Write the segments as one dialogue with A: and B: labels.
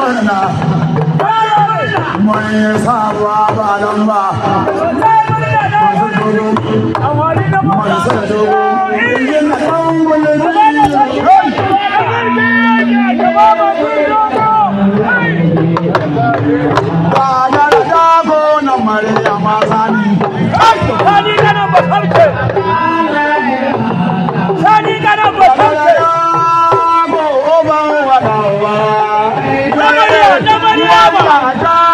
A: murna mun yi sabuwa ba don ba masu dubu masu dubu yin ɗan wulin Maria Mazani. Ai, Mazani, não, mas sabe o quê? Allahu Akbar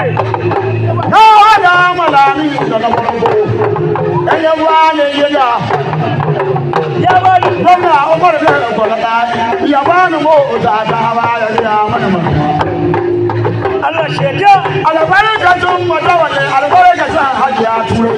A: ni nanabɔnɔbɔ ɛyɛ waa ni yeya yaba ni dɔnna o ma de bɛ ɛkɔlɔta yaba ni mo o ta taaba yɛrɛ y'a ma ne ma. ala sɛjɛ alabare ka to ma ta wa kɛ alabare ka taa hajj a tuure.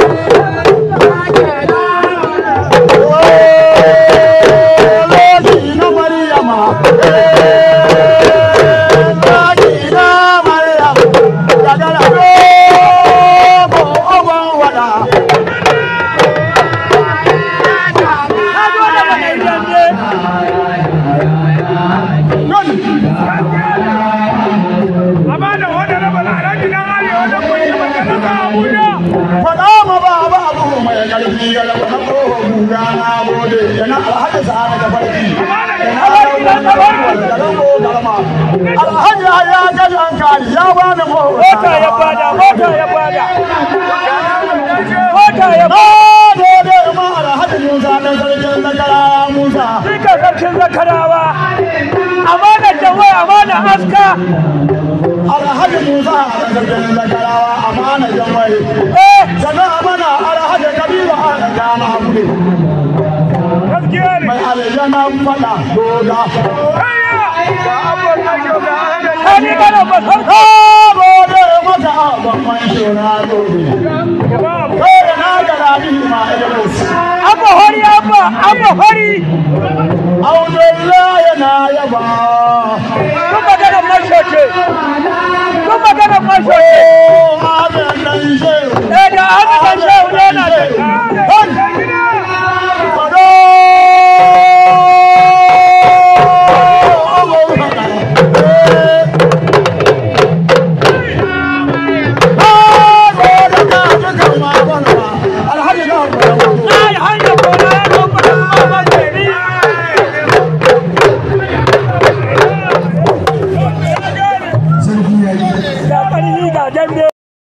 A: faɗa ba abu abu mai ƙarfi ga a farko guga na yana alhaji sa'ada da farki yana raunar da farko da rango garma alhaji ya gaji an ya bani mota ya bada mota ya bada mota ya bada gode ma alhaji musa na sarkin zakara musa sika sarkin zakarawa amana jawai amana aska alhaji musa a sarkin zakarawa nan faɗa ka a ma yaba. mashoce. mashoce.